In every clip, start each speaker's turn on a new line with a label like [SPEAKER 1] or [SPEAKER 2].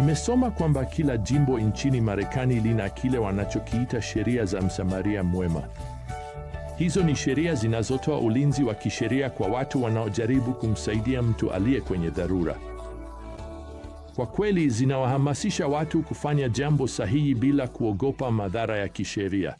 [SPEAKER 1] Nimesoma kwamba kila jimbo nchini Marekani lina kile wanachokiita sheria za Msamaria Mwema. Hizo ni sheria zinazotoa ulinzi wa kisheria kwa watu wanaojaribu kumsaidia mtu aliye kwenye dharura. Kwa kweli, zinawahamasisha watu kufanya jambo sahihi bila kuogopa madhara ya kisheria.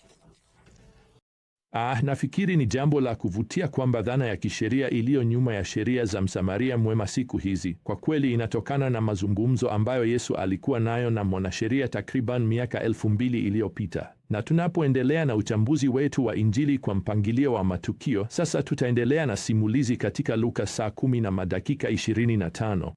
[SPEAKER 1] Ah, nafikiri ni jambo la kuvutia kwamba dhana ya kisheria iliyo nyuma ya sheria za Msamaria mwema siku hizi kwa kweli inatokana na mazungumzo ambayo Yesu alikuwa nayo na mwanasheria takriban miaka elfu mbili iliyopita. Na tunapoendelea na uchambuzi wetu wa Injili kwa mpangilio wa matukio, sasa tutaendelea na simulizi katika Luka saa kumi na madakika 25.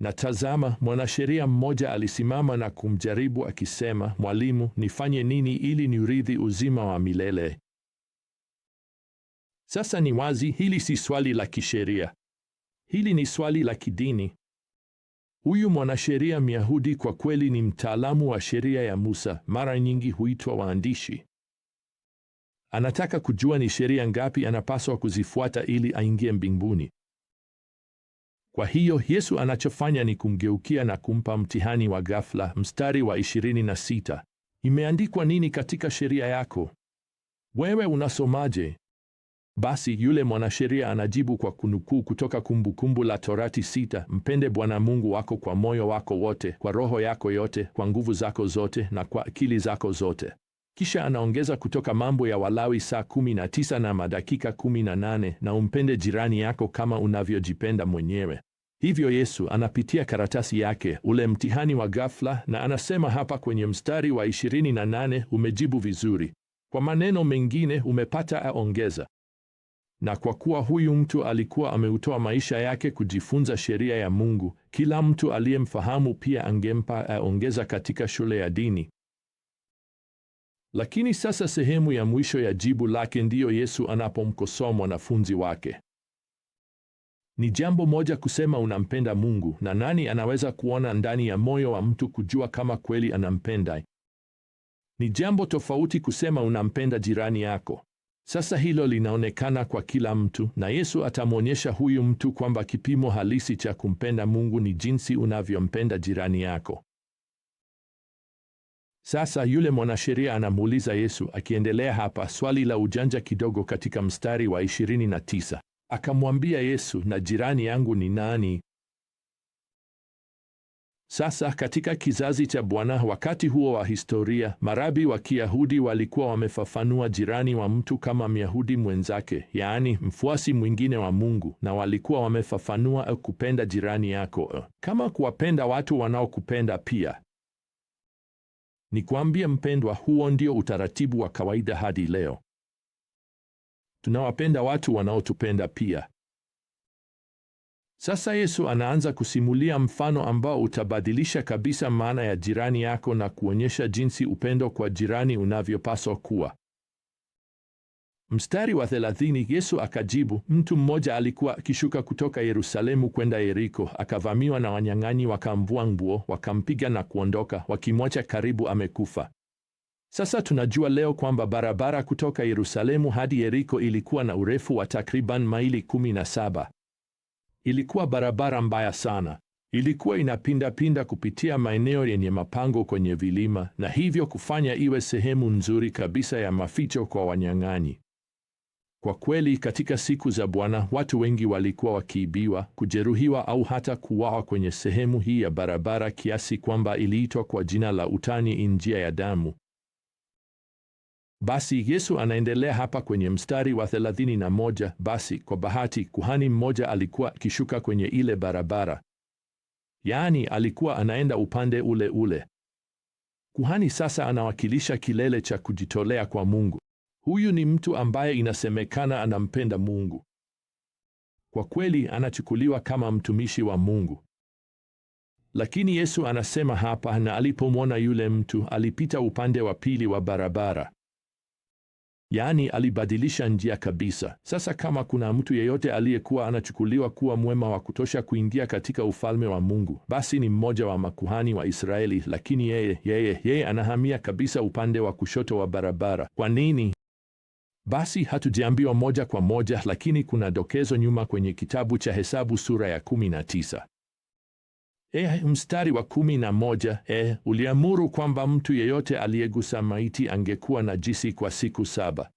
[SPEAKER 1] Na tazama, mwanasheria mmoja alisimama na kumjaribu akisema, Mwalimu, nifanye nini ili niurithi uzima wa milele? Sasa ni wazi hili si swali la kisheria. Hili ni swali la kidini. Huyu mwanasheria Myahudi kwa kweli ni mtaalamu wa sheria ya Musa, mara nyingi huitwa waandishi. Anataka kujua ni sheria ngapi anapaswa kuzifuata ili aingie mbinguni. Kwa hiyo Yesu anachofanya ni kumgeukia na kumpa mtihani wa ghafla. Mstari wa 26, imeandikwa nini katika sheria yako? Wewe unasomaje? Basi yule mwanasheria anajibu kwa kunukuu kutoka Kumbukumbu la Torati sita, mpende Bwana Mungu wako kwa moyo wako wote, kwa roho yako yote, kwa nguvu zako zote, na kwa akili zako zote. Kisha anaongeza kutoka Mambo ya Walawi saa 19 na madakika 18, na umpende jirani yako kama unavyojipenda mwenyewe. Hivyo Yesu anapitia karatasi yake, ule mtihani wa ghafla, na anasema hapa kwenye mstari wa 28, umejibu vizuri. Kwa maneno mengine, umepata aongeza na kwa kuwa huyu mtu alikuwa ameutoa maisha yake kujifunza sheria ya Mungu, kila mtu aliyemfahamu pia angempa aongeza eh, katika shule ya dini. Lakini sasa sehemu ya mwisho ya jibu lake ndiyo Yesu anapomkosoa mwanafunzi wake. Ni jambo moja kusema unampenda Mungu, na nani anaweza kuona ndani ya moyo wa mtu kujua kama kweli anampenda? Ni jambo tofauti kusema unampenda jirani yako. Sasa hilo linaonekana kwa kila mtu, na Yesu atamwonyesha huyu mtu kwamba kipimo halisi cha kumpenda Mungu ni jinsi unavyompenda jirani yako. Sasa yule mwanasheria anamuuliza Yesu, akiendelea hapa, swali la ujanja kidogo katika mstari wa 29. Akamwambia Yesu, na jirani yangu ni nani? Sasa katika kizazi cha Bwana wakati huo wa historia, marabi wa Kiyahudi walikuwa wamefafanua jirani wa mtu kama Myahudi mwenzake, yaani mfuasi mwingine wa Mungu, na walikuwa wamefafanua kupenda jirani yako kama kuwapenda watu wanaokupenda pia. Nikwambie mpendwa, huo ndio utaratibu wa kawaida hadi leo. Tunawapenda watu wanaotupenda pia. Sasa Yesu anaanza kusimulia mfano ambao utabadilisha kabisa maana ya jirani yako na kuonyesha jinsi upendo kwa jirani unavyopaswa kuwa. Mstari wa 30, Yesu akajibu, mtu mmoja alikuwa akishuka kutoka Yerusalemu kwenda Yeriko, akavamiwa na wanyang'anyi, wakamvua nguo, wakampiga na kuondoka, wakimwacha karibu amekufa. Sasa tunajua leo kwamba barabara kutoka Yerusalemu hadi Yeriko ilikuwa na urefu wa takriban maili 17. Ilikuwa barabara mbaya sana. Ilikuwa inapindapinda kupitia maeneo yenye mapango kwenye vilima, na hivyo kufanya iwe sehemu nzuri kabisa ya maficho kwa wanyang'anyi. Kwa kweli, katika siku za Bwana watu wengi walikuwa wakiibiwa, kujeruhiwa au hata kuuawa kwenye sehemu hii ya barabara, kiasi kwamba iliitwa kwa jina la utani, njia ya damu. Basi Yesu anaendelea hapa kwenye mstari wa thelathini na moja. Basi kwa bahati kuhani mmoja alikuwa akishuka kwenye ile barabara, yaani alikuwa anaenda upande ule ule. Kuhani sasa anawakilisha kilele cha kujitolea kwa Mungu. Huyu ni mtu ambaye inasemekana anampenda Mungu. Kwa kweli anachukuliwa kama mtumishi wa Mungu. Lakini Yesu anasema hapa, na alipomwona yule mtu alipita upande wa pili wa barabara. Yaani alibadilisha njia kabisa. Sasa kama kuna mtu yeyote aliyekuwa anachukuliwa kuwa mwema wa kutosha kuingia katika ufalme wa Mungu, basi ni mmoja wa makuhani wa Israeli, lakini yeye yeye yeye anahamia kabisa upande wa kushoto wa barabara. Kwa nini? Basi hatujaambiwa moja kwa moja, lakini kuna dokezo nyuma kwenye kitabu cha Hesabu sura ya 19. E, mstari wa kumi na moja e, uliamuru kwamba mtu yeyote aliyegusa maiti angekuwa najisi kwa siku saba.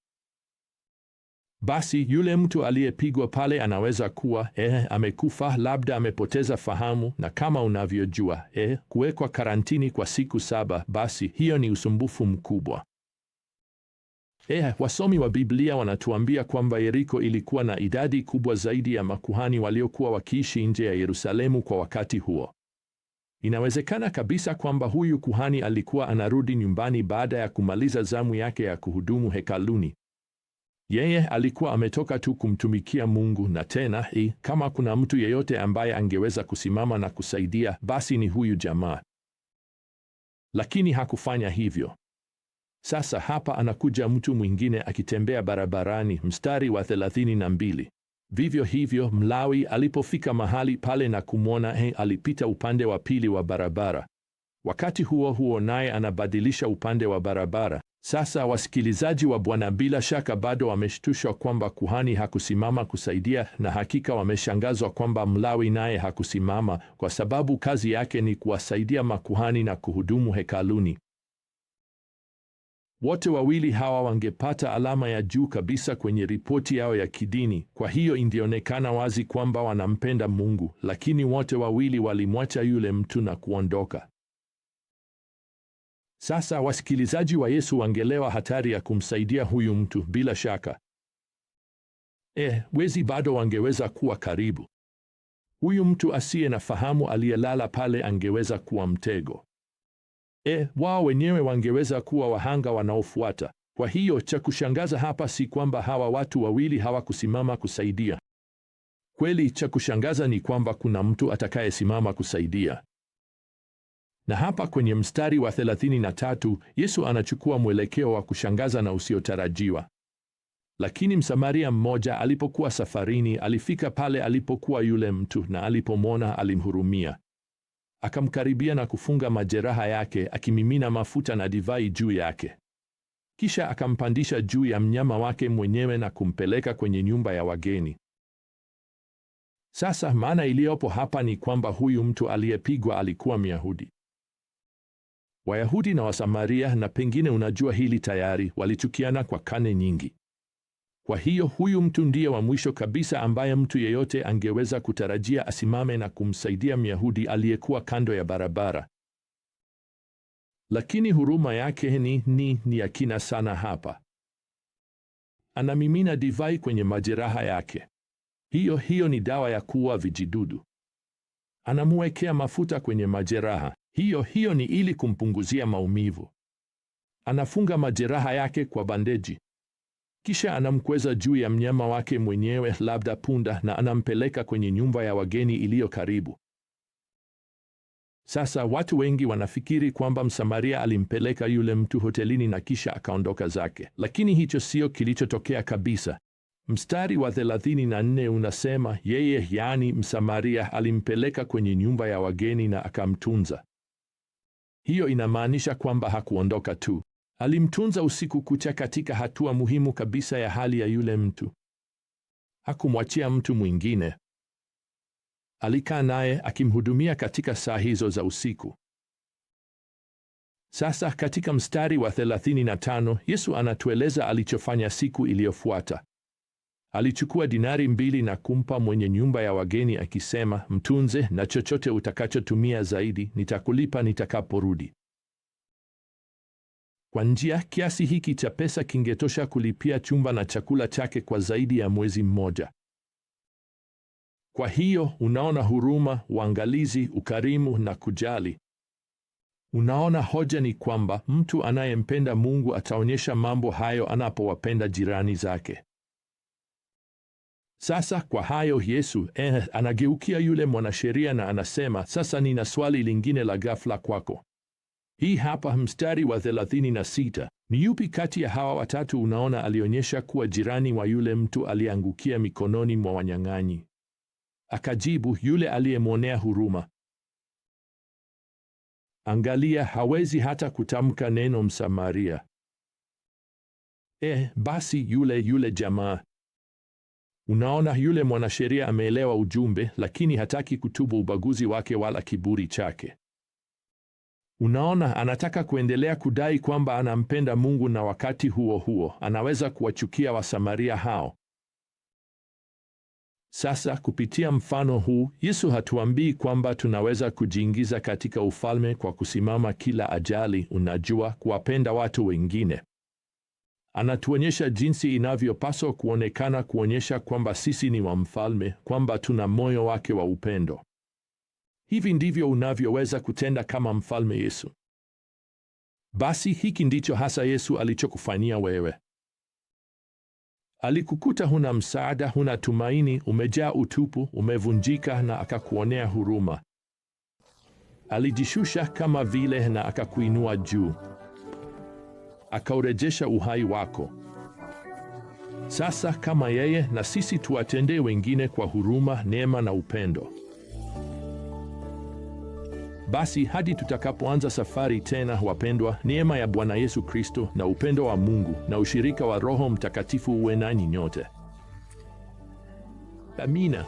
[SPEAKER 1] Basi yule mtu aliyepigwa pale anaweza kuwa e, amekufa, labda amepoteza fahamu, na kama unavyojua e, kuwekwa karantini kwa siku saba, basi hiyo ni usumbufu mkubwa. E, wasomi wa Biblia wanatuambia kwamba Yeriko ilikuwa na idadi kubwa zaidi ya makuhani waliokuwa wakiishi nje ya Yerusalemu kwa wakati huo. Inawezekana kabisa kwamba huyu kuhani alikuwa anarudi nyumbani baada ya kumaliza zamu yake ya kuhudumu hekaluni. Yeye alikuwa ametoka tu kumtumikia Mungu, na tena hii, kama kuna mtu yeyote ambaye angeweza kusimama na kusaidia, basi ni huyu jamaa, lakini hakufanya hivyo. Sasa hapa anakuja mtu mwingine akitembea barabarani, mstari wa 32. Vivyo hivyo Mlawi alipofika mahali pale na kumwona He, eh, alipita upande wa pili wa barabara. Wakati huo huo naye anabadilisha upande wa barabara. Sasa wasikilizaji wa Bwana bila shaka bado wameshtushwa kwamba kuhani hakusimama kusaidia, na hakika wameshangazwa kwamba Mlawi naye hakusimama, kwa sababu kazi yake ni kuwasaidia makuhani na kuhudumu hekaluni. Wote wawili hawa wangepata alama ya juu kabisa kwenye ripoti yao ya kidini. Kwa hiyo ingeonekana wazi kwamba wanampenda Mungu, lakini wote wawili walimwacha yule mtu na kuondoka. Sasa wasikilizaji wa Yesu wangelewa hatari ya kumsaidia huyu mtu bila shaka. Eh, wezi bado wangeweza kuwa karibu. Huyu mtu asiye na fahamu aliyelala pale angeweza kuwa mtego e, wao wenyewe wangeweza kuwa wahanga wanaofuata. Kwa hiyo cha kushangaza hapa si kwamba hawa watu wawili hawakusimama kusaidia. Kweli cha kushangaza ni kwamba kuna mtu atakayesimama kusaidia. Na hapa kwenye mstari wa 33 Yesu anachukua mwelekeo wa kushangaza na usiotarajiwa. Lakini Msamaria mmoja alipokuwa safarini, alifika pale alipokuwa yule mtu, na alipomwona alimhurumia akamkaribia na kufunga majeraha yake, akimimina mafuta na divai juu yake. Kisha akampandisha juu ya mnyama wake mwenyewe na kumpeleka kwenye nyumba ya wageni. Sasa maana iliyopo hapa ni kwamba huyu mtu aliyepigwa alikuwa Myahudi. Wayahudi na Wasamaria, na pengine unajua hili tayari, walichukiana kwa kane nyingi. Kwa hiyo huyu mtu ndiye wa mwisho kabisa ambaye mtu yeyote angeweza kutarajia asimame na kumsaidia Myahudi aliyekuwa kando ya barabara. Lakini huruma yake ni ni ni ya kina sana hapa. Anamimina divai kwenye majeraha yake. Hiyo hiyo ni dawa ya kuua vijidudu. Anamwekea mafuta kwenye majeraha. Hiyo hiyo ni ili kumpunguzia maumivu. Anafunga majeraha yake kwa bandeji. Kisha anamkweza juu ya mnyama wake mwenyewe, labda punda, na anampeleka kwenye nyumba ya wageni iliyo karibu. Sasa watu wengi wanafikiri kwamba Msamaria alimpeleka yule mtu hotelini na kisha akaondoka zake, lakini hicho sio kilichotokea kabisa. Mstari wa 34 unasema yeye, yaani Msamaria, alimpeleka kwenye nyumba ya wageni na akamtunza. Hiyo inamaanisha kwamba hakuondoka tu, Alimtunza usiku kucha katika hatua muhimu kabisa ya hali ya yule mtu. Hakumwachia mtu mwingine. Alikaa naye akimhudumia katika saa hizo za usiku. Sasa katika mstari wa 35 Yesu anatueleza alichofanya siku iliyofuata. Alichukua dinari mbili na kumpa mwenye nyumba ya wageni akisema, mtunze, na chochote utakachotumia zaidi nitakulipa nitakaporudi. Kwa njia, kiasi hiki cha pesa kingetosha kulipia chumba na chakula chake kwa zaidi ya mwezi mmoja. Kwa hiyo unaona huruma, uangalizi, ukarimu na kujali. Unaona, hoja ni kwamba mtu anayempenda Mungu ataonyesha mambo hayo anapowapenda jirani zake. Sasa kwa hayo Yesu eh, anageukia yule mwanasheria na anasema, sasa nina swali lingine la ghafla kwako. Hii hapa mstari wa 36. Ni yupi kati ya hawa watatu unaona alionyesha kuwa jirani wa yule mtu aliangukia mikononi mwa wanyang'anyi? Akajibu, yule aliyemwonea huruma. Angalia, hawezi hata kutamka neno Msamaria. E, basi yule yule jamaa. Unaona, yule mwanasheria ameelewa ujumbe, lakini hataki kutubu ubaguzi wake wala kiburi chake. Unaona, anataka kuendelea kudai kwamba anampenda Mungu na wakati huo huo anaweza kuwachukia Wasamaria hao. Sasa kupitia mfano huu, Yesu hatuambii kwamba tunaweza kujiingiza katika ufalme kwa kusimama kila ajali, unajua, kuwapenda watu wengine. Anatuonyesha jinsi inavyopaswa kuonekana, kuonyesha kwamba sisi ni wa mfalme, kwamba tuna moyo wake wa upendo. Hivi ndivyo unavyoweza kutenda kama mfalme Yesu. Basi hiki ndicho hasa Yesu alichokufanyia wewe. Alikukuta huna msaada, huna tumaini, umejaa utupu, umevunjika, na akakuonea huruma. Alijishusha kama vile, na akakuinua juu, akaurejesha uhai wako. Sasa kama yeye, na sisi tuwatendee wengine kwa huruma, neema na upendo. Basi hadi tutakapoanza safari tena, wapendwa, neema ya Bwana Yesu Kristo na upendo wa Mungu na ushirika wa Roho Mtakatifu uwe nanyi nyote. Amina.